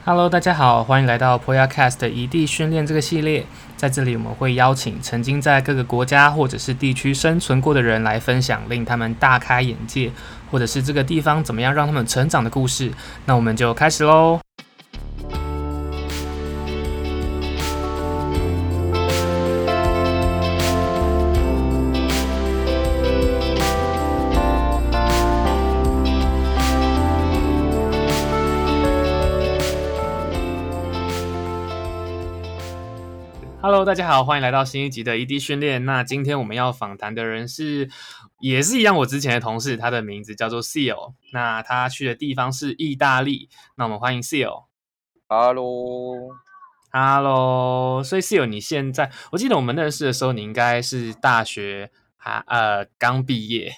哈嘍，Hello，大家好，歡迎來到 Podcast 的《移地訓練》這個系列。在這裡，我們會邀請曾經在各個國家或者是地區生存過的人來分享令他們大開眼界，或者是這個地方怎麼樣讓他們成長的故事。那我們就開始嘍。大家好，歡迎來到新一集的移地訓練。那今天我們要訪談的人是，也是一樣，我之前的同事，他的名字叫做 Seal。那他去的地方是意大利。那我們歡迎 Seal。Hello。Hello，所以 Seal，你現在，我記得我們認識的時候，你應該是大學，哈、啊，呃，剛畢業。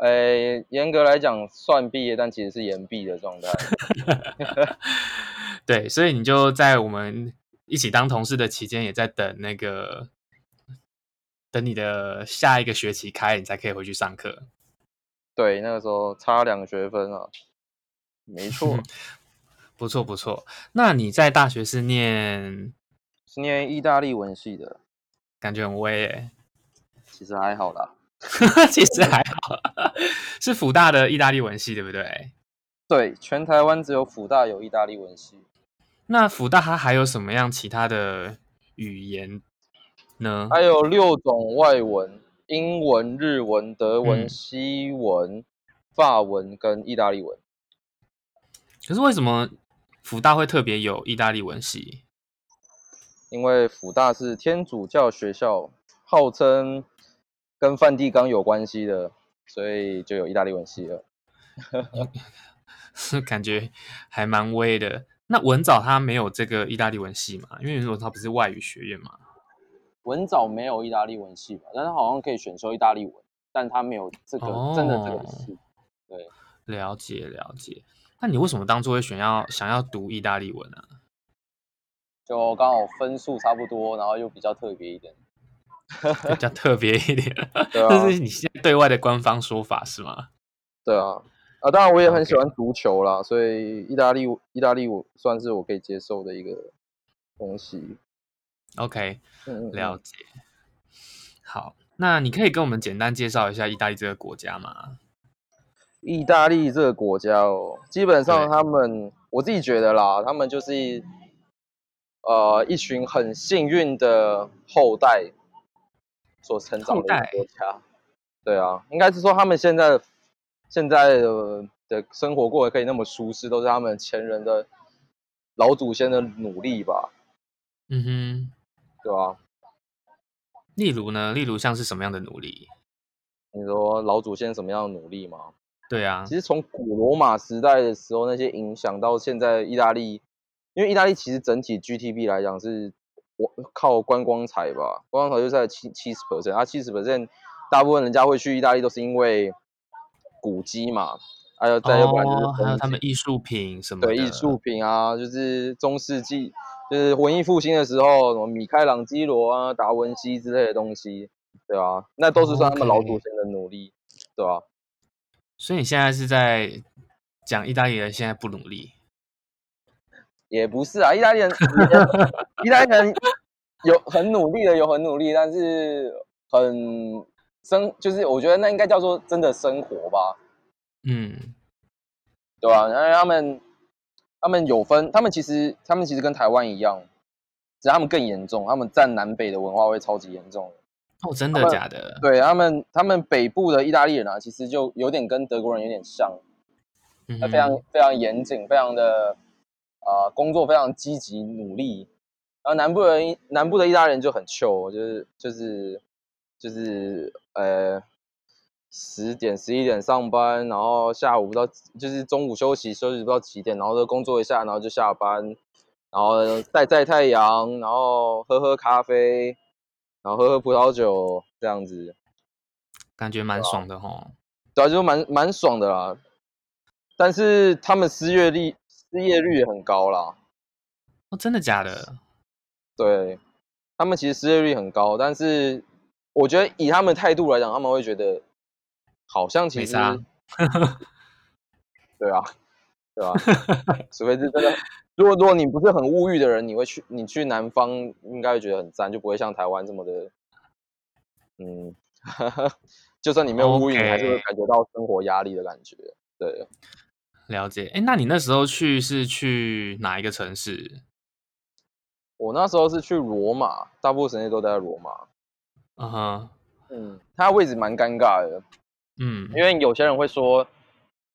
呃、欸，嚴格來講算畢業，但其實是延畢的狀態。 對，所以你就在我們。一起當同事的期間，也在等那個，等你的下一個學期開，你才可以回去上課。對，那個時候差兩個學分啊。沒錯， 不錯不錯。那你在大學是念是念意大利文系的，感覺很威耶。其實還好啦， 其實還好啦。是輔大的意大利文系對不對？對，全台灣只有輔大有意大利文系。那輔大它還有什麼樣其他的語言呢？還有六種外文：英文、日文、德文、嗯、西文、法文跟意大利文。可是為什麼輔大會特別有意大利文系？因為輔大是天主教學校，號稱跟梵蒂岡有關係的，所以就有意大利文系了。 感覺還蠻威的。那文藻他沒有這個意大利文系嘛？因為你說他不是外語學院嘛？文藻沒有意大利文系吧？但是他好像可以選修意大利文，但他沒有這個、哦、真的這個系。對，了解了解。那你為什麼當初會選要想要讀意大利文呢、啊？就剛好分數差不多，然後又比較特別一點。 比較特別一點。 對、啊、這是你現在對外的官方說法是嗎？對啊。啊，當然我也很喜歡足球啦，Okay. 所以意大利，意大利我算是我可以接受的一個東西。OK，嗯，了解。嗯、好，那你可以跟我們簡單介紹一下意大利這個國家嗎？意大利這個國家哦，基本上他們，對我自己覺得啦，他們就是，呃，一群很幸運的後代所成長的國家。代對啊，應該是說他們現在。現在的的生活過得可以那麼舒適，都是他們前人的老祖先的努力吧。嗯哼，對吧？例如呢？例如像是什麼樣的努力？你說老祖先什麼樣的努力嗎？對啊。其實從古羅馬時代的時候，那些影響到現在意大利，因為意大利其實整體 GTP 來講是，我靠觀光財吧，觀光財就在七七十 percent，啊七十 percent 大部分人家會去意大利都是因為。古蹟嘛，還有再有，還有、oh, 他們藝術品什麼的。藝術品啊，就是中世紀，就是文藝復興的時候，什麼米開朗基羅啊、達文西之類的東西，對啊，那都是算他們老祖先的努力，oh, okay. 對吧、啊？所以你現在是在講意大利人現在不努力？也不是啊，意大利人，意 大利人有很努力的，有很努力，但是很。生就是，我覺得那應該叫做真的生活吧，嗯，對啊，然後他們，他們有分，他們其實，他們其實跟台灣一樣，只是他們更嚴重，他們戰南北的文化會超級嚴重。哦，真的們假的？對他們，他們北部的意大利人啊，其實就有點跟德國人有點像，他非常、嗯、哼非常嚴謹，非常的啊、呃，工作非常積極努力。然後南部人，南部的意大利人就很 chill、就是，就是就是就是。呃，十點十一點上班，然後下午不知道，就是中午休息休息不知道幾點，然後就工作一下，然後就下班，然後曬晒太陽，然後喝喝咖啡，然後喝喝葡萄酒，這樣子，感覺蠻爽的哈、哦。對、啊，就蠻蠻爽的啦。但是他們失業率失業率也很高啦。哦，真的假的？對，他們其實失業率很高，但是。我覺得以他們態度來講，他們會覺得好像其實，沒啥 對啊，對啊。除非 是真的。如果如果你不是很物欲的人，你會去你去南方，應該會覺得很讚，就不會像台灣這麼的，嗯， 就算你沒有物欲，Okay. 你還是會感覺到生活壓力的感覺。對，了解。誒，那你那時候去是去哪一個城市？我那時候是去羅馬，大部分時間都在羅馬。啊哈，uh huh. 嗯，他位置蠻尷尬的，嗯，因為有些人會說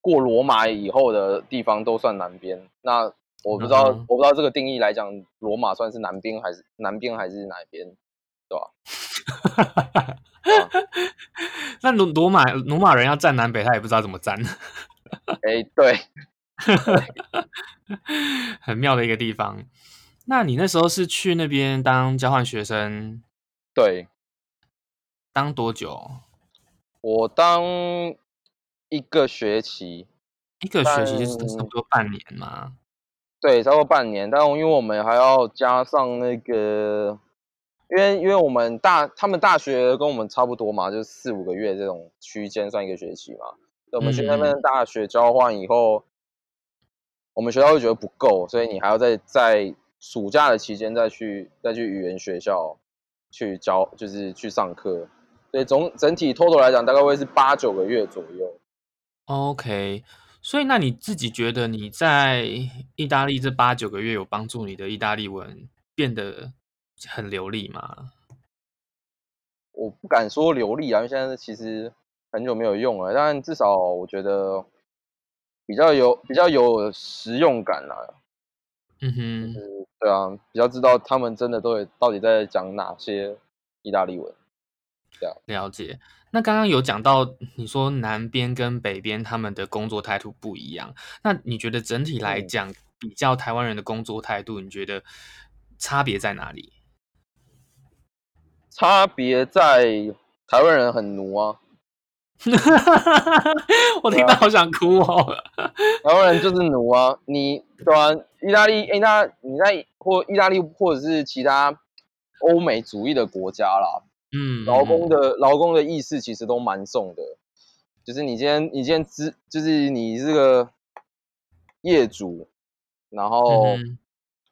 過羅馬以後的地方都算南邊，那我不知道，uh huh. 我不知道這個定義來講，羅馬算是南邊還是南邊還是哪邊，對吧、啊？哈哈哈！哈， 那羅羅馬羅馬人要戰南北，他也不知道怎麼戰。哎，對， 很妙的一個地方。那你那時候是去那邊當交換學生？對。當多久？我當一個學期，一個學期就是差不多半年嘛。對，差不多半年。但因為我們還要加上那個，因為因為我們大他們大學跟我們差不多嘛，就是四五個月這種區間算一個學期嘛。我們去那邊大學交換以後，嗯嗯我們學校會覺得不夠，所以你還要在在暑假的期間再去再去語言學校去教，就是去上課。對總整體 total 來講，大概會是八九個月左右。OK，所以那你自己覺得你在意大利這八九個月有幫助你的意大利文變得很流利嗎？我不敢說流利啊，因為現在其實很久沒有用了。但至少我覺得比較有比較有實用感啦、啊。嗯哼。就是，對啊，比較知道他們真的都到底在講哪些意大利文。了解。那剛剛有講到，你說南邊跟北邊他們的工作態度不一樣。那你覺得整體來講，嗯、比較台灣人的工作態度，你覺得差別在哪裡？差別在台灣人很奴啊！ 我聽到、啊、好想哭哦、喔！台灣人就是奴啊！你到意、啊、大利、意、欸、那你在或意大利或者是其他歐美主義的國家啦。嗯，勞工的勞工的意識其實都蠻重的，就是你今天你今天支，就是你這個業主，然後、嗯、哼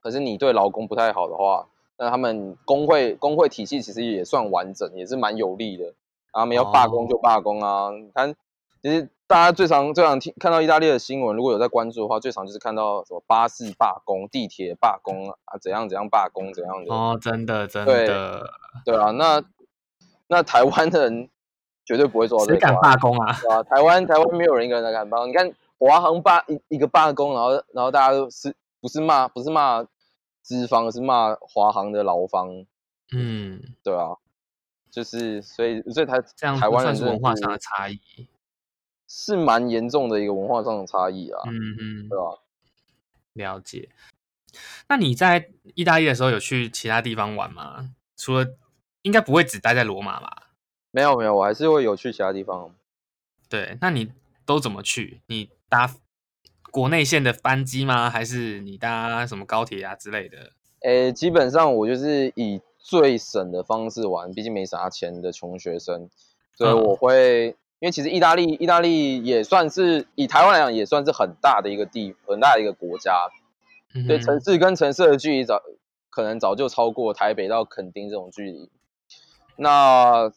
可是你對勞工不太好的話，那他們工會工會體系其實也算完整，也是蠻有力的，他們要罷工就罷工啊！哦、但其實大家最常最常聽看到意大利的新聞，如果有在關注的話，最常就是看到什麼巴士罷工、地鐵罷工啊，怎樣怎樣罷工怎樣哦，真的真的對，對啊，那。那台灣的人絕對不會做，誰敢罷工啊？對啊，台灣台灣沒有人一個人敢罷工。 你看華航罷一一個罷工，然後然後大家都是不是罵不是罵資方，是罵華航的勞方。嗯，對啊，就是所以所以台灣這樣台灣是文化上的差異，是蠻嚴重的一個文化上的差異啊。嗯嗯哼，對吧？啊？了解。那你在意大利的時候有去其他地方玩嗎？除了？應該不會只待在羅馬吧？沒有沒有，我還是會有去其他地方。對，那你都怎麼去？你搭國內線的班機嗎？還是你搭什麼高鐵啊之類的？呃、欸，基本上我就是以最省的方式玩，畢竟沒啥錢的窮學生，所以我會、嗯、因為其實意大利，意大利也算是以台灣來講也算是很大的一個地，很大的一個國家，對、嗯哼，城市跟城市的距離早可能早就超過台北到墾丁這種距離。那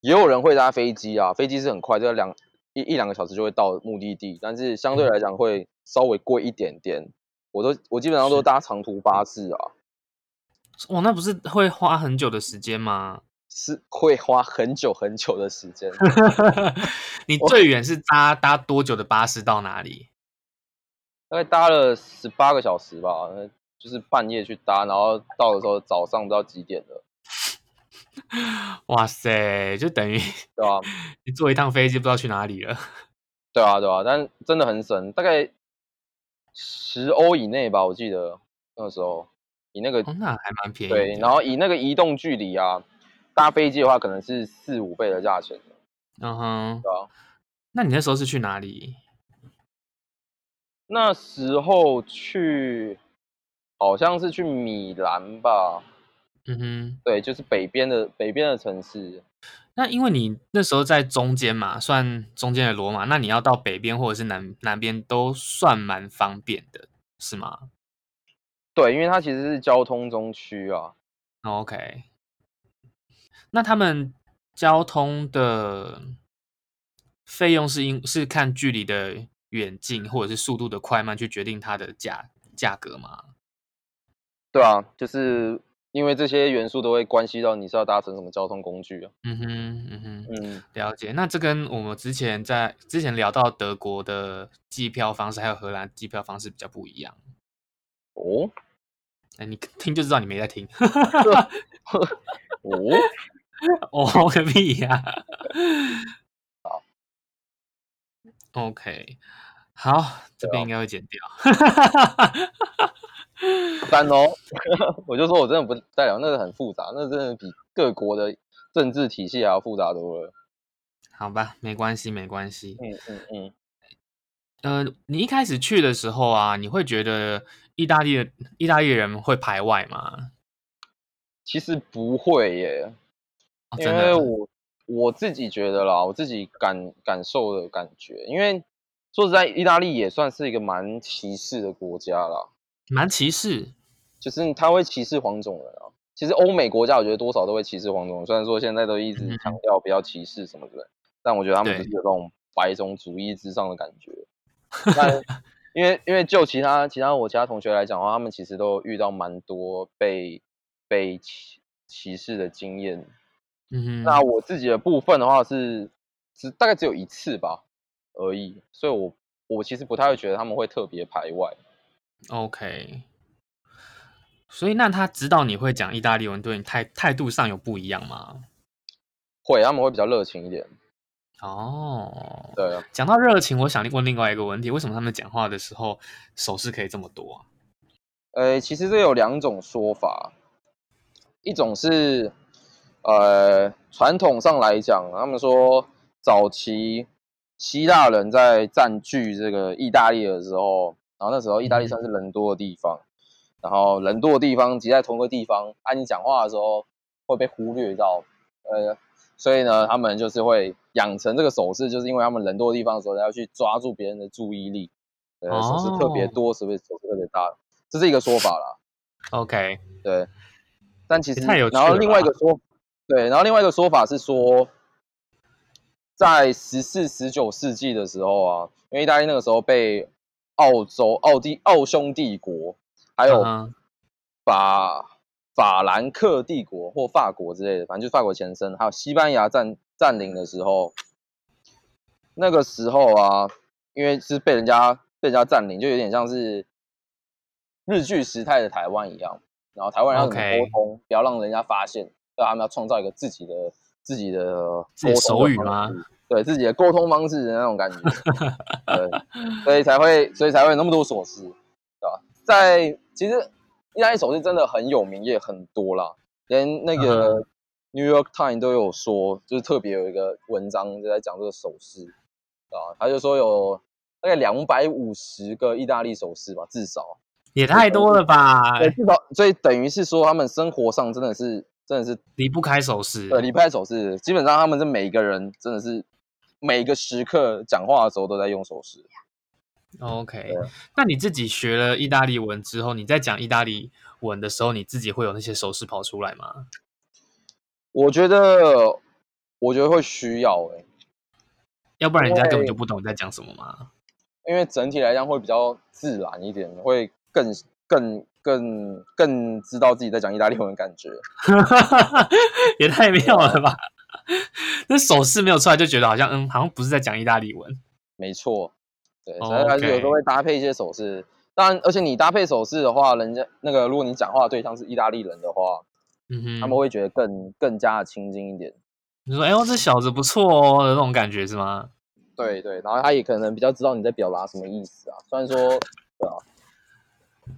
也有人會搭飛機啊，飛機是很快，就兩一一兩個小時就會到目的地，但是相對來講會稍微貴一點點。我都我基本上都搭長途巴士啊。哇、哦，那不是會花很久的時間嗎？是會花很久很久的時間。 你最遠是搭我搭多久的巴士到哪裡？大概搭了十八個小時吧，就是半夜去搭，然後到的時候早上不知道幾點了。哇塞，就等於對、啊、 你坐一趟飛機不知道去哪裡了，對啊對啊，但真的很省，大概十歐以內吧，我記得那時候以那個、哦、那還蠻便宜，對，然後以那個移動距離啊，搭飛機的話可能是四五倍的價錢。嗯哼、uh-huh、對啊，那你那時候是去哪裡？那時候去好像是去米蘭吧。嗯哼，對，就是北邊的北邊的城市。那因為你那時候在中間嘛，算中間的羅馬。那你要到北邊或者是南南邊都算蠻方便的，是嗎？對，因為它其實是交通中區啊。Oh, OK，那他們交通的費用是因是看距離的遠近或者是速度的快慢去決定它的價價格嗎？對啊，就是。因為這些元素都會關係到你是要搭乘什麼交通工具，啊、嗯哼，嗯哼，嗯，了解。那這跟我們之前在之前聊到德國的機票方式，還有荷蘭機票方式比較不一樣。哦？那、欸、你聽就知道你沒在聽。這 哦？哦個屁呀、啊！好。OK，好，這邊應該會剪掉。 三農， 單通 我就說，我真的不代表，那是、個、很複雜，那個、真的比各國的政治體系還要複雜多了。好吧，沒關係，沒關係、嗯。嗯嗯嗯。呃，你一開始去的時候啊，你會覺得意大利的意大利人會排外嗎？其實不會耶，哦、真的因為我我自己覺得啦，我自己感感受的感覺，因為說實在，意大利也算是一個蠻歧視的國家啦。蠻歧視，就是他會歧視黃種人啊，其實歐美國家，我覺得多少都會歧視黃種人。雖然說現在都一直強調不要歧視什麼的，嗯、哼但我覺得他們就是有這種白種主義之上的感覺。對但因為因為就其他其他我其他同學來講的話，他們其實都遇到蠻多被被歧歧視的經驗。嗯哼那我自己的部分的話是，是只大概只有一次吧而已。所以我我其實不太會覺得他們會特別排外。OK，所以那他知道你會講意大利文，對你態態度上有不一樣嗎？會，他們會比較熱情一點。哦，對，講到熱情，我想問另外一個問題：為什麼他們講話的時候手勢可以這麼多？呃，其實這有兩種說法，一種是呃，傳統上來講，他們說早期希臘人在占據這個意大利的時候。然後那時候意大利算是人多的地方，嗯、然後人多的地方擠在同一個地方，按你講話的時候會被忽略掉，呃，所以呢，他們就是會養成這個手勢，就是因為他們人多的地方的時候要去抓住別人的注意力，呃，哦、手勢特別多，是不是手勢特別大？這是一個說法啦 OK，對。但其實太有趣、啊。然後另外一個說，對，然後另外一個說法是說，在十四、十九世紀的時候啊，因為意大利那個時候被澳洲、奧地、奧匈帝國，還有法、uh huh. 法、法蘭克帝國或法國之類的，反正就是法國前身。還有西班牙占佔領的時候，那個時候啊，因為是被人家被人家佔領，就有點像是日據時代的台灣一樣。然後台灣人要怎麼溝通，Okay. 不要讓人家發現，對他們要創造一個自己的自己的手語嗎、啊？對自己的溝通方式的那種感覺， 對，所以才會，所以才會有那麼多手勢，對吧？在其實，意大利手勢真的很有名，也很多啦，連那個 New York Times 都有說，就是特別有一個文章就在講這個手勢，啊，他就說有大概兩百五十個意大利手勢吧，至少也太多了吧？對，至少所以等於是說他們生活上真的是，真的是離不開手勢，對嗯、離不開手勢，基本上他們這每一個人真的是。每個時刻講話的時候都在用手勢。OK，對那你自己學了意大利文之後，你在講意大利文的時候，你自己會有那些手勢跑出來嗎？我覺得，我覺得會需要哎、欸，要不然人家根本就不懂你在講什麼嘛。因為整體來講會比較自然一點，會更、更、更、更知道自己在講意大利文的感覺 也太妙了吧。 那手勢沒有出來就覺得好像嗯，好像不是在講意大利文。沒錯，對，所以還是有時候會搭配一些手勢。當然、oh, okay.，而且你搭配手勢的話，人家那個如果你講話的對象是意大利人的話，嗯哼，他們會覺得更更加的親近一點。你說哎，呦、欸哦，這小子不錯哦的那種感覺是嗎？對對，然後他也可能比較知道你在表達什麼意思啊。雖然說，啊，啊，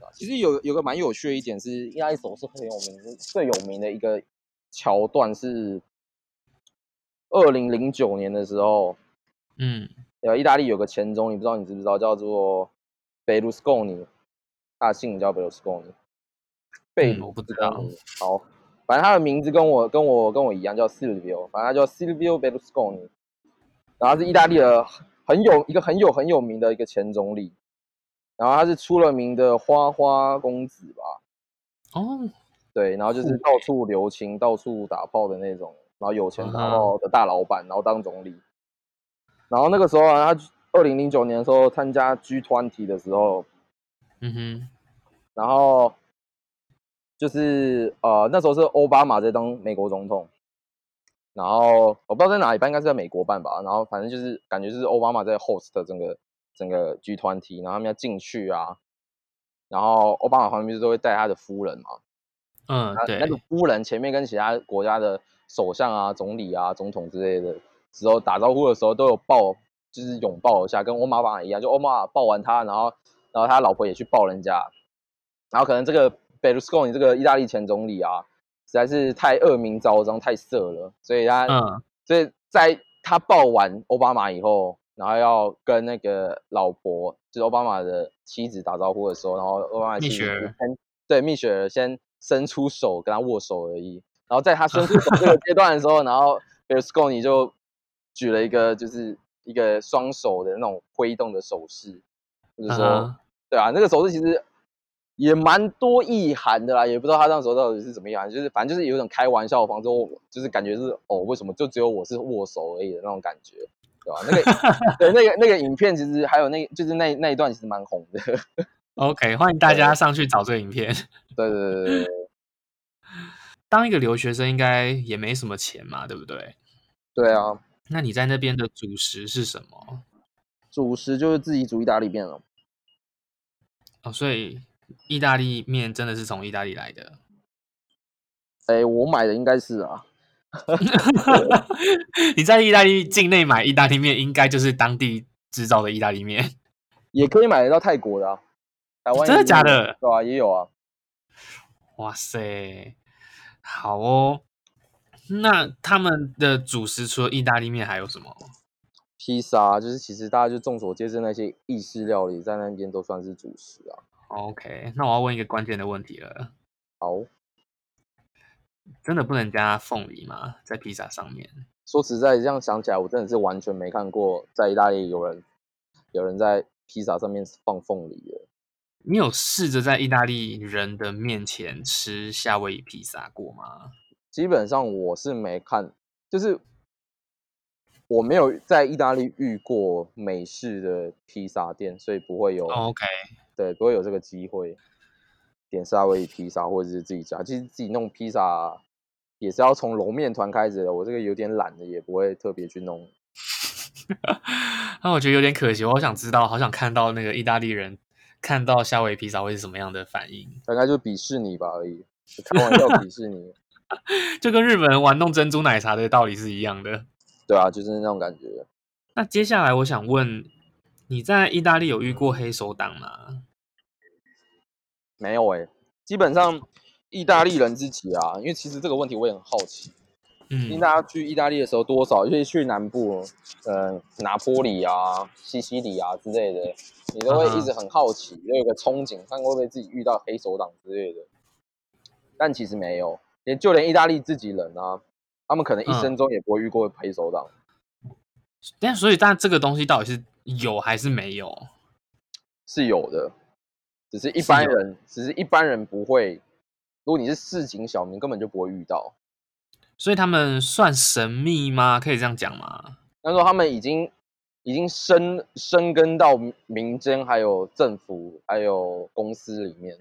啊，其實有有個蠻有趣的一點是意大利手勢很有名，最有名的一個橋段是。二零零九年的時候，嗯，有意大利有個前總理，不知道你知不知道，叫做貝盧斯貢尼。他的姓叫、er 嗯、貝盧斯貢尼，貝盧不知道。好，反正他的名字跟我跟我跟我一樣，叫 Silvio。反正他叫 Silvio Berlusconi。然後他是意大利的很有一個很有很有名的一個前總理。然後他是出了名的花花公子吧？哦，對，然後就是到處留情、哦、到處打炮的那種。然後有錢然後的大老板，uh huh. 然後當總理，然後那個時候啊，他二零零九年的時候參加 G20 的時候，嗯哼、mm，hmm. 然後就是呃那時候是奧巴馬在當美國總統，然後我不知道在哪裡辦，應該是在美國辦吧。然後反正就是感覺就是奧巴馬在 host 整個整個 G20 然後他們要進去啊，然後奧巴馬旁邊不是都會帶他的夫人嘛？嗯，對，那個夫人前面跟其他國家的。首相啊，總理啊，總統之類的，時候打招呼的時候都有抱，就是擁抱一下，跟奧巴馬一樣，就奧巴馬抱完他，然後，然後他老婆也去抱人家，然後可能這個貝盧斯科尼這個意大利前總理啊，實在是太惡名昭彰，太色了，所以他，嗯，所以在他抱完奧巴馬以後，然後要跟那個老婆，就是奧巴馬的妻子打招呼的時候，然後奧巴馬去跟，對，蜜雪兒先伸出手跟他握手而已。然後在他宣誓這個階段的時候， 然後 Berlusconi 就舉了一個就是一個雙手的那種揮動的手勢，就是說，uh huh。對啊，那個手勢其實也蠻多意涵的啦，也不知道他那時候到底是怎麼樣，就是反正就是有一種開玩笑的，反正就是感覺是哦，為什麼就只有我是握手而已的那種感覺，對吧、啊？那個 對那個那個影片其實還有那就是那那一段其實蠻紅的。 OK，歡迎大家上去找這影片。對對對對。對對對當一個留學生應該也沒什麼錢嘛，對不對？對啊，那你在那邊的主食是什麼？主食就是自己煮意大利麵哦。哦，所以意大利麵真的是從意大利來的？哎、欸，我買的應該是啊。 對 你在意大利境內買意大利麵，應該就是當地製造的意大利麵。也可以買得到泰國的啊。台灣也有。哦、真的假的？有啊，也有啊。哇塞！好哦，那他們的主食除了意大利麵還有什麼？披薩就是，其實大家就眾所皆知那些意式料理在那邊都算是主食啊。OK，那我要問一個關鍵的問題了。好，真的不能加鳳梨嗎？在披薩上面。說實在，這樣想起來，我真的是完全沒看過在意大利有人有人在披薩上面放鳳梨的。你有試着在意大利人的面前吃夏威夷披薩過嗎？基本上我是沒看，就是我沒有在意大利遇過美式的披薩店，所以不會有、oh, OK，對，不會有這個機會點夏威夷披薩或者是自己加。其實自己弄披薩也是要從揉麵團開始的，我這個有點懶的，也不會特別去弄。那、 啊、我覺得有點可惜，我好想知道，好想看到那個意大利人。看到夏威夷披薩會是什麼樣的反應？大概就鄙視你吧而已，開玩笑， 鄙視你，就跟日本人玩弄珍珠奶茶的道理是一樣的。對啊，就是那種感覺。那接下來我想問，你在意大利有遇過黑手黨嗎？嗯，沒有誒、欸，基本上意大利人自己啊，因為其實這個問題我也很好奇。因為大家去意大利的時候，多少就是去南部，嗯、呃，拿坡裡啊、西西裡啊之類的，你都會一直很好奇，啊、哈有一個憧憬，但會不會自己遇到黑手黨之類的？但其實沒有，連就連意大利自己人啊，他們可能一生中也不會遇過黑手黨、啊。但所以，但這個東西到底是有還是沒有？是有的，只是一般人，是有只是一般人不會。如果你是市井小民，根本就不會遇到。所以他們算神秘嗎？可以這樣講嗎？那時候他們已經已經深深耕到民間，還有政府，還有公司裡面。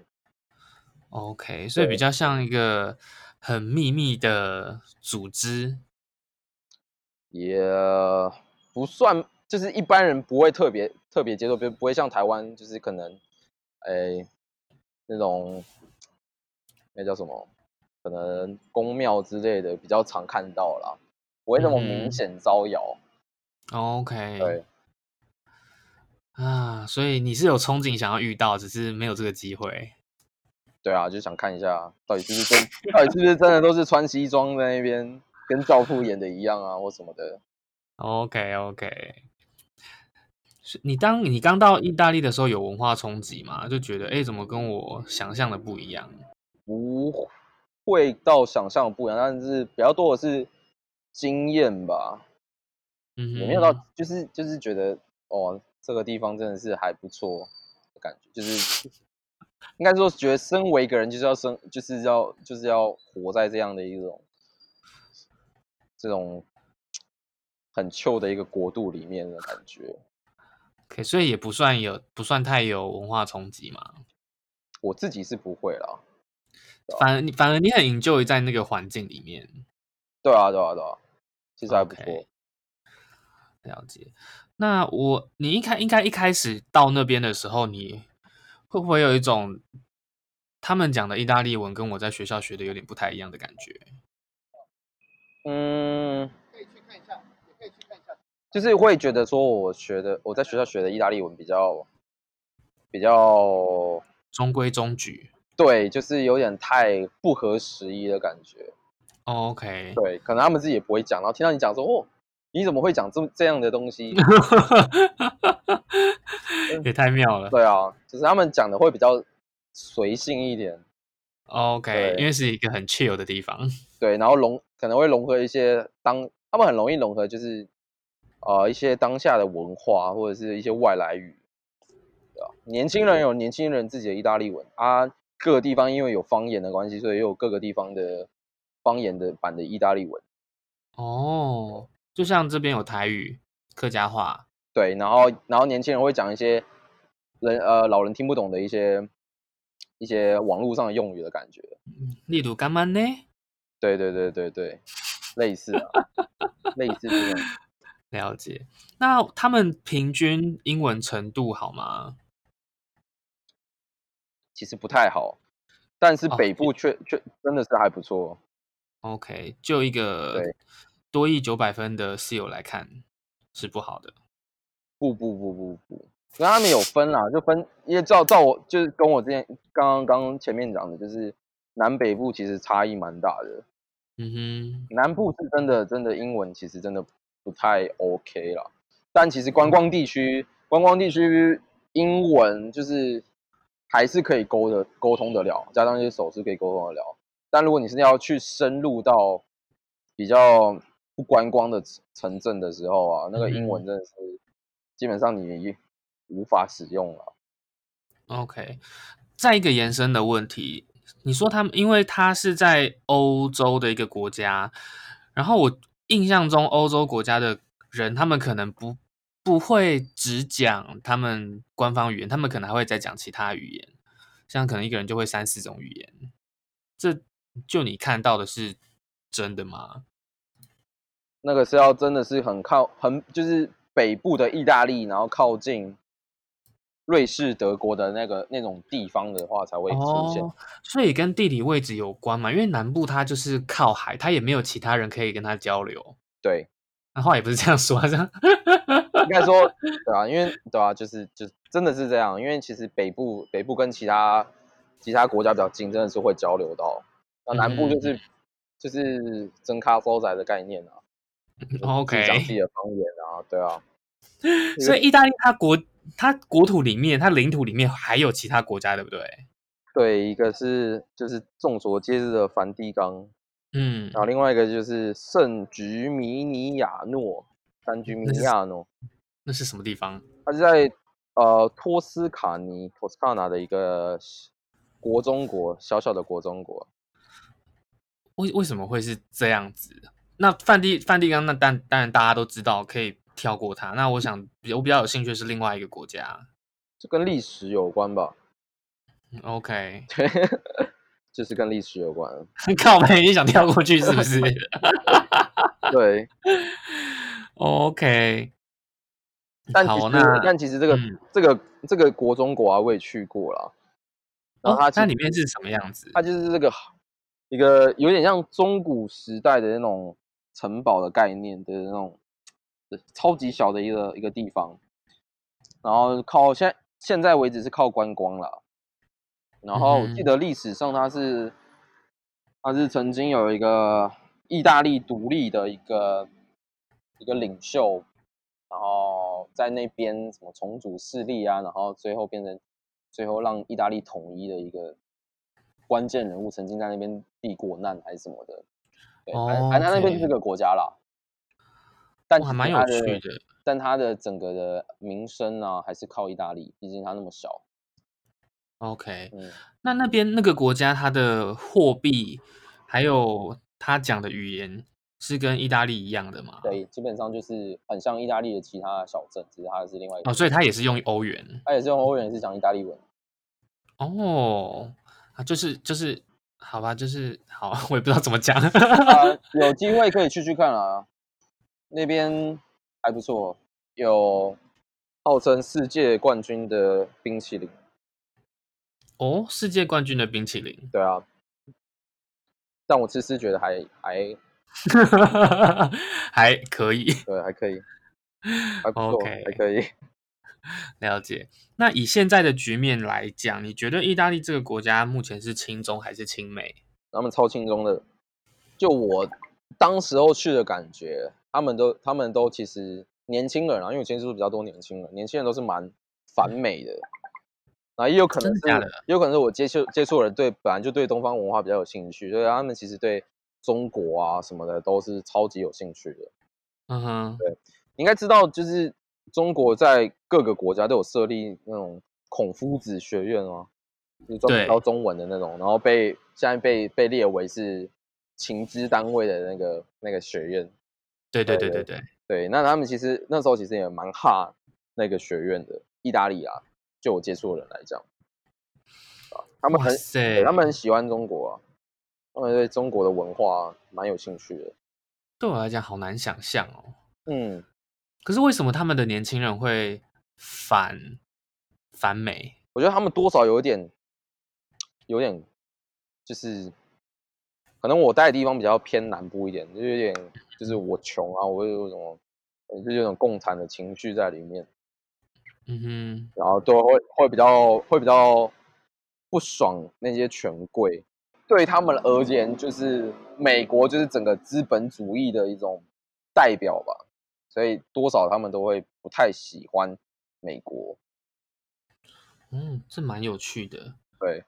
OK，對所以比較像一個很秘密的組織，也、yeah, 不算，就是一般人不會特別特別接受，不不會像台灣，就是可能，哎、欸，那種那叫什麼？可能宮廟之類的比較常看到了，不會那麼明顯招搖。OK，對啊，所以你是有憧憬想要遇到，只是沒有這個機會。對啊，就想看一下到底是不是真， 到底是不是真的都是穿西裝在那邊，跟教父演的一樣啊，或什麼的。OK OK，你當你剛到意大利的時候有文化衝擊嗎？就覺得哎、欸，怎麼跟我想象的不一樣？會、嗯會到想象不一樣，但是比較多的是經驗吧。嗯哼，也沒有到，就是就是覺得哦，這個地方真的是還不錯，感覺就是應該說，覺得身為一個人就是要生就是要就是要活在這樣的一種這種很舊的一個國度裡面的感覺。可、okay, 所以也不算有，不算太有文化衝擊嘛。我自己是不會啦。反而你反而你很 enjoy 在那個環境裡面，對啊對啊對啊，其實還不錯。Okay, 了解。那我你一開應該一開始到那邊的時候，你會不會有一種他們講的意大利文跟我在學校學的有點不太一樣的感覺？嗯，可以去看一下，也可以去看一下。就是會覺得說，我學的我在學校學的意大利文比較比較中規中矩。對，就是有點太不合時宜的感覺。OK，對，可能他們自己也不會講，然後聽到你講說“哦，你怎麼會講這麼這樣的東西”， 也太妙了。對啊，就是他們講的會比較隨性一點。OK，對因為是一個很 chill 的地方。對，然後融可能會融合一些當他們很容易融合，就是呃一些當下的文化或者是一些外來語，對吧？啊，年輕人有年輕人自己的意大利文啊。各個地方因為有方言的關係，所以也有各個地方的方言的版的意大利文。哦，oh, 就像這邊有台語、客家話，對，然後然後年輕人會講一些人呃老人聽不懂的一些一些網絡上的用語的感覺。例如幹嘛呢？對對對對對，類似啊， 類似這種。了解。那他們平均英文程度好嗎？其實不太好，但是北部卻卻、哦、真的是還不錯。OK，就一個多益九百分的室友來看是不好的。不不不不不，那他們有分啦，就分，因為照照我就是跟我之前剛剛剛前面講的，就是南北部其實差異蠻大的。嗯哼，南部是真的真的英文其實真的不太 OK 啦，但其實觀光地區觀光地區英文就是。還是可以溝的溝通得了，加上一些手勢可以溝通得了。但如果你是要去深入到比較不觀光的城鎮的時候啊，那個英文真的是嗯嗯，基本上你已經無法使用了。OK，再一個延伸的問題，你說他們，因為他是在歐洲的一個國家，然後我印象中歐洲國家的人，他們可能不。不會只講他們官方語言，他們可能還會再講其他語言，像可能一個人就會三四種語言。這就你看到的是真的嗎？那個是要真的是很靠很就是北部的意大利，然後靠近瑞士、德國的那個那種地方的話才會出現。哦，所以跟地理位置有關嗎？因為南部它就是靠海，它也沒有其他人可以跟他交流。對。話也不是這樣說啊，這樣 應該說對啊，因為對啊，就是就真的是這樣，因為其實北部北部跟其他其他國家比較近，真的是會交流到。那南部就是、嗯、就是增咖收窄的概念啊，然後可以講自己的方言啊，對啊。所以意大利它國它國土裡面，它領土裡面還有其他國家，對不對？對，一個是就是眾所皆知的梵蒂岡。嗯，然後另外一個就是聖吉米尼亞諾，聖吉米尼亞諾、嗯那，那是什麼地方？它是在呃托斯卡尼托斯卡納的一個國中國，小小的國中國。為為什麼會是這樣子？那梵蒂梵蒂岡那，那當當然大家都知道可以跳過它。那我想我比較有興趣的是另外一個國家，這跟歷史有關吧、嗯、？OK。 就是跟歷史有關，靠北，你想跳過去是不是？ 對 ，OK。但其實，呢但其實這個、嗯、這個這個國中國啊，我也去過了。然後它那、哦、裡面是什麼樣子？它就是這個一個有點像中古時代的那種城堡的概念的，就是，那種超級小的一個一個地方。然後靠現在現在為止是靠觀光了。然後我記得歷史上他是，他是曾經有一個意大利獨立的一個一個領袖，然後在那邊什麼重組勢力啊，然後最後變成最後讓意大利統一的一個關鍵人物，曾經在那邊避過難還是什麼的。對，安南那邊就是個國家啦，但還蠻有趣的。但他的整個的名聲呢、啊，還是靠意大利，畢竟他那麼小。OK，、嗯、那那邊那個國家，它的貨幣還有他講的語言是跟意大利一樣的嗎？對，基本上就是很像意大利的其他的小鎮，只是它是另外一種哦，所以它也是用歐元，它也是用歐元，是講意大利文。哦，啊，就是就是，好吧，就是好，我也不知道怎麼講、 啊。有機會可以去去看啊。那邊還不錯，有號稱世界冠軍的冰淇淋。哦，Oh, 世界冠軍的冰淇淋，對啊，但我其實覺得還還 還可以，對，還可以還，OK，還可以。了解。那以現在的局面來講，你覺得意大利這個國家目前是親中還是親美？他們超親中的，就我當時候去的感覺，他們都他們都其實年輕人啊，因為我接觸比較多年輕人，年輕人都是蠻反美的。嗯那也有可能是，的的也有可能是我接觸接觸的人對本來就對東方文化比較有興趣，所以他們其實對中國啊什麼的都是超級有興趣的。嗯哼，對，你應該知道，就是中國在各個國家都有設立那種孔夫子學院哦，啊，就是專門教中文的那種，對然後被現在被被列為是情資單位的那個那個學院。對對對對對對，對那他們其實那時候其實也蠻怕那個學院的，意大利啊。就我接觸的人來講，啊，他們很，哇塞、欸，他們很喜歡中國啊，他們對中國的文化蠻有興趣的。對我來講，好難想象哦。嗯，可是為什麼他們的年輕人會反反美？我覺得他們多少有點，有點，就是可能我待的地方比較偏南部一點，就有點，就是我窮啊，我有什麼，就有種共產的情緒在裡面。嗯哼，然後都會會比較會比較不爽那些權貴，對他們而言，就是美國就是整個資本主義的一種代表吧，所以多少他們都會不太喜歡美國。嗯，這蠻有趣的。對，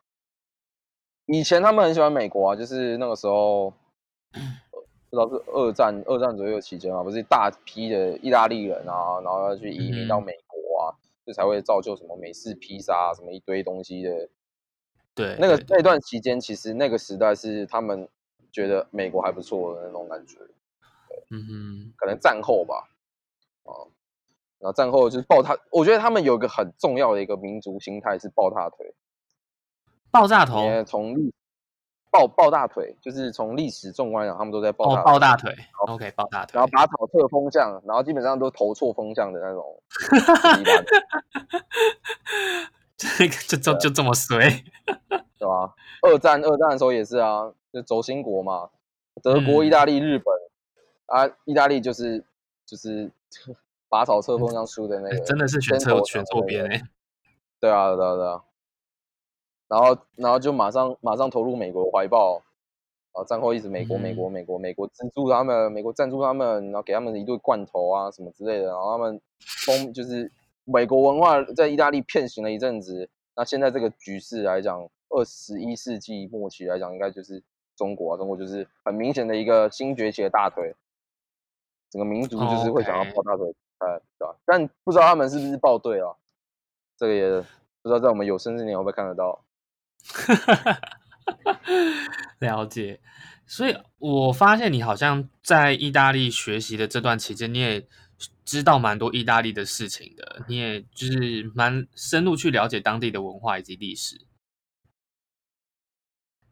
以前他們很喜歡美國啊，就是那個時候，嗯、不知道是二戰二戰左右期間啊，不是大批的意大利人啊，然後要去移、e、民到美。嗯才會造就什麼美式披薩啊，什麼一堆東西的。對，那個那段期間，對對對。其實那個時代是他們覺得美國還不錯的那種感覺。對，嗯哼，可能戰後吧。啊，然後戰後就是抱他，我覺得他們有一個很重要的一個民族心態是抱大腿。爆炸頭。抱抱大腿，就是從歷史縱觀講，他們都在抱大抱，抱大腿。後 OK，抱大腿，然後拔草測風向，然後基本上都投錯風向的那種。這個 就是、 就就，就這麼衰。對是吧？二戰二戰的時候也是啊，就軸心國嘛，德國、嗯、意大利、日本啊，意大利就是就是拔草測風向輸的那個、欸，真的是選錯投選錯邊哎、欸。對啊，對啊，對啊。對啊然後，然後就馬上馬上投入美國懷抱，啊，戰後一直美國美國美國美國資助他們，美國贊助他們，然後給他們一對罐頭啊什麼之類的，然後他們風就是美國文化在意大利風行了一陣子。那現在這個局勢來講，二十一世紀末期來講，應該就是中國啊，中國就是很明顯的一個新崛起的大腿，整個民族就是會想要抱大腿，哎，對吧？但不知道他們是不是抱對啊？這個也不知道在我們有生之年會不會看得到。哈， 了解。所以我發現你好像在意大利學習的這段期間，你也知道蠻多意大利的事情的。你也就是蠻深入去了解當地的文化以及歷史。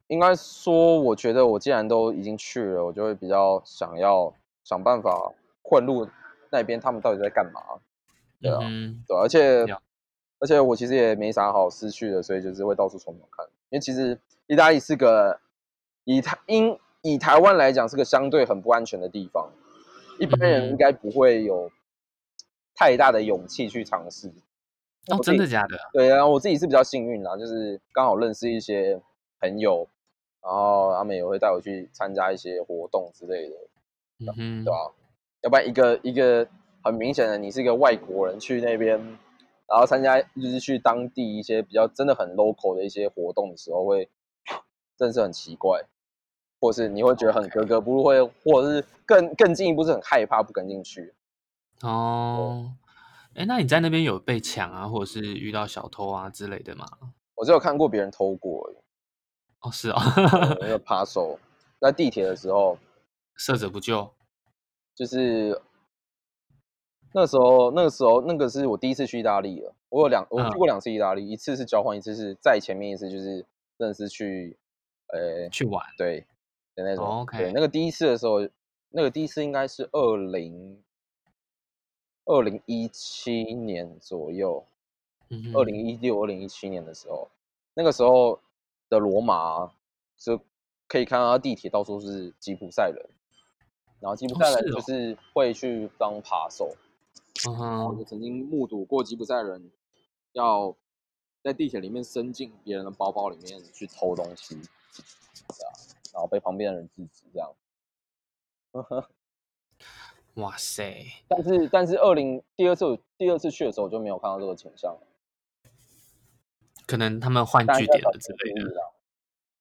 應該說，我覺得我既然都已經去了，我就會比較想要想辦法混入那邊，他們到底在幹嘛？對啊，嗯、對啊，而且。嗯而且我其實也沒啥好失去的，所以就是會到處闖闖看。因為其實意大利是個以台，因以台灣來講是個相對很不安全的地方，一般人應該不會有太大的勇氣去嘗試。嗯、我哦，真的假的？對，啊，我自己是比較幸運啦，就是剛好認識一些朋友，然後他們也會帶我去參加一些活動之類的。嗯哼，對吧、啊？要不然一個一個很明顯的，你是一個外國人、嗯、去那邊。然後參加就是去當地一些比較真的很 local 的一些活動的時候，會真的是很奇怪，或是你會覺得很格格不入會，會 Okay. 或者是更更進一步是很害怕不敢進去。哦、oh, 對，哎，那你在那邊有被搶啊，或者是遇到小偷啊之類的嗎？我只有看過別人偷過。Oh, 是哦，是啊，那個扒手在地鐵的時候，捨者不救，就是。那時候，那個時候，那個是我第一次去意大利了。我有兩，我去過兩次意大利，嗯一，一次是交換，一次是再前面一次就是認識去，呃、欸，去玩對的那種，哦。OK，對那個第一次的時候，那個第一次應該是二零二零一七年左右，二零一六、二零一七年的時候，嗯嗯，那個時候的羅馬是可以看到地鐵到處是吉普賽人，然後吉普賽人就是會去當扒手。哦我就曾經目睹過吉普賽人要在地鐵裡面伸進別人的包包裡面去偷東西，對啊，然後被旁邊的人制止這樣。 哇塞！但是但是二零第二次第二次去的時候，我就沒有看到這個景象，可能他們換據點了之類的。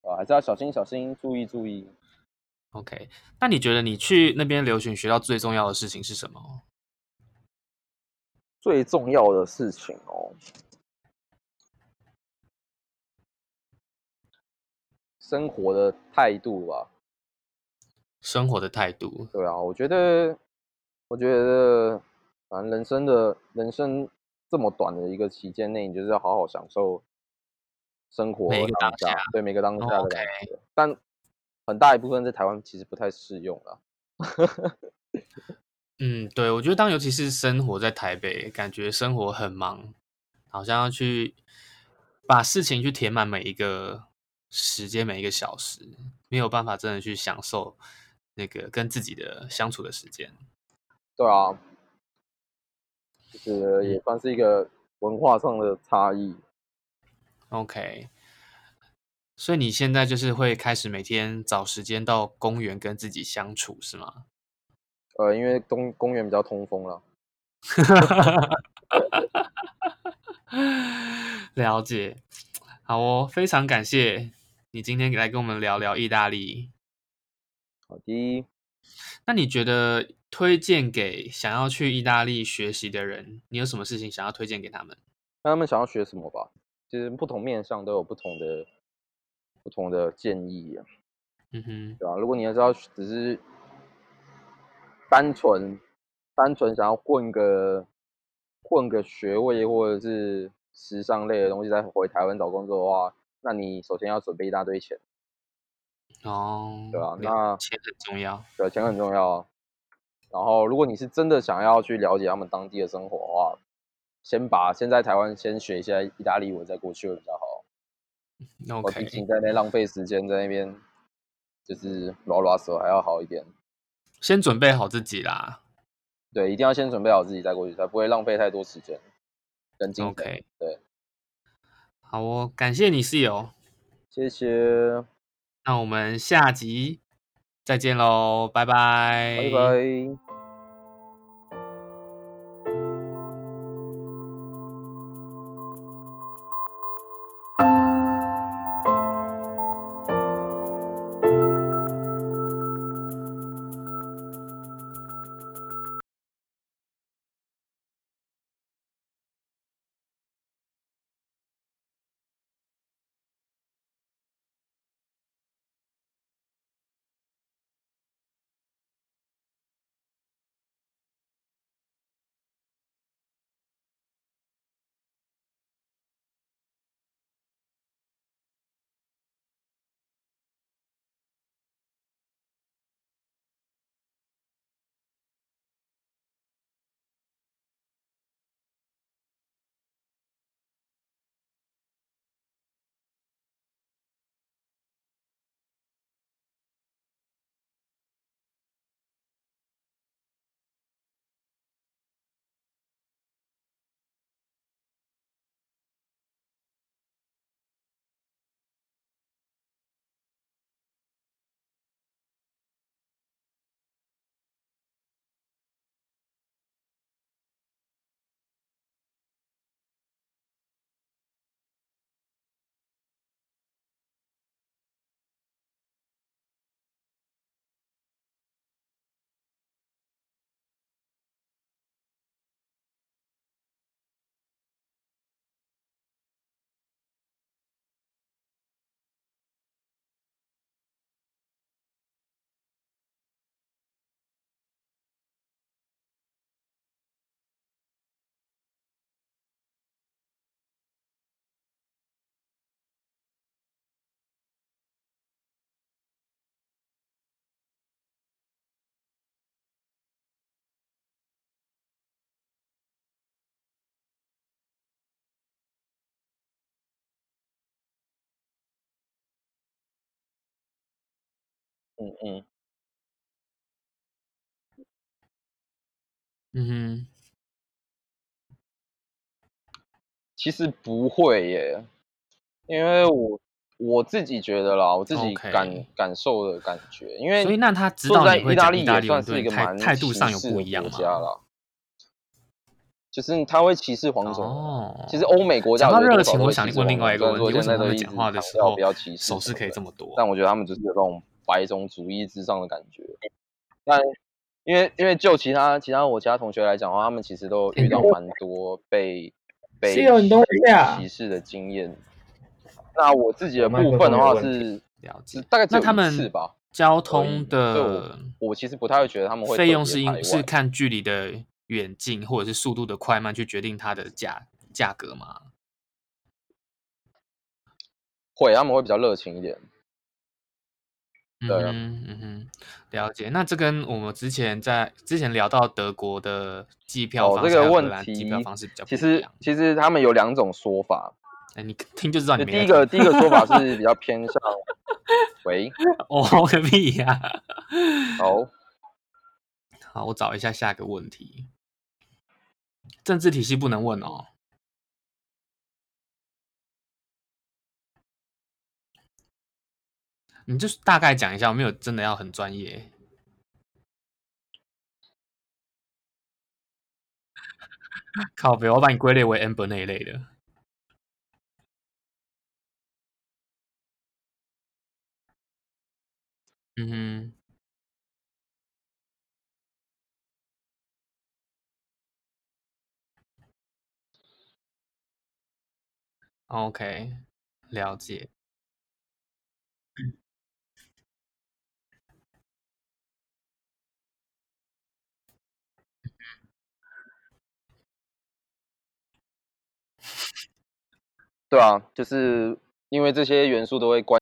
還是要小心小心，注意注意。OK，那你覺得你去那邊留學學到最重要的事情是什麼？最重要的事情哦，生活的態度吧，生活的態度。對啊，我覺得，我覺得，反正人生的人生這麼短的一個期間內，你就是要好好享受生活每，每個當下，對每個當下的感覺。Oh, okay. 但很大一部分在台灣其實不太適用了。 嗯，對，我覺得當尤其是生活在台北，感覺生活很忙，好像要去把事情去填滿每一個時間、每一個小時，沒有辦法真的去享受那個跟自己的相處的時間。對啊，就是也算是一個文化上的差異。 OK，所以你現在就是會開始每天找時間到公園跟自己相處，是嗎？呃，因為公公園比較通風了。 了解，好哦，非常感謝你今天來跟我們聊聊意大利。好的，那你覺得推薦給想要去意大利學習的人，你有什麼事情想要推薦給他們？那他們想要學什麼吧？其、就是不同面向都有不同的不同的建議，啊。嗯哼，對吧，啊？如果你要知道只是，單純單純想要混個混個學位，或者是時尚類的東西，再回台灣找工作的話，那你首先要準備一大堆錢。哦，oh, 對啊，那錢很重要，對，錢很重要。Okay. 然後，如果你是真的想要去了解他們當地的生活的話，先把先在台灣先學一些意大利文，再過去會比較好。那我 Okay. 畢竟在那浪費時間，在那邊就是拉拉手還要好一點。先準備好自己啦，對，一定要先準備好自己再過去，才不會浪費太多時間跟精神。OK，對，好哦，感謝你室友，謝謝，那我們下集再見嘍，拜拜，拜拜。嗯嗯，嗯，嗯哼，其實不會耶，因為我我自己覺得啦，我自己感 Okay. 感受的感覺，因為那他知道在意大利也算是一個蠻態度上有不一樣的國家，就是他會歧視黃種。Oh. 其實歐美國家熱情，我想問另外一個問題，講話的時候手勢可以這麼多，但我覺得他們只是有那種。白種主義之上的感覺，但因為因為就其他其他我其他同學來講的話，他們其實都遇到蠻多被 被歧，多東西、啊、歧視的經驗。那我自己的部分的話是、嗯、是大概幾次吧。交通的，我其實不太會覺得他們會費用是因為是看距離的遠近或者是速度的快慢去決定它的價價格嗎？會，他們會比較熱情一點。對啊、嗯嗯了解。那這跟我們之前在之前聊到德國的計票方式，哦，這個問題，式比較其實其實他們有兩種說法。哎、欸，你聽就知道你沒。你第一個第一個說法是比較偏向。 喂，哦好個屁呀！好，好，我找一下下一個問題。政治體系不能問哦。你就是大概講一下，我沒有真的要很專業。 靠，別！我把你歸類為 amber 那一類的。嗯哼。OK，了解。對啊，就是因為這些元素都會關。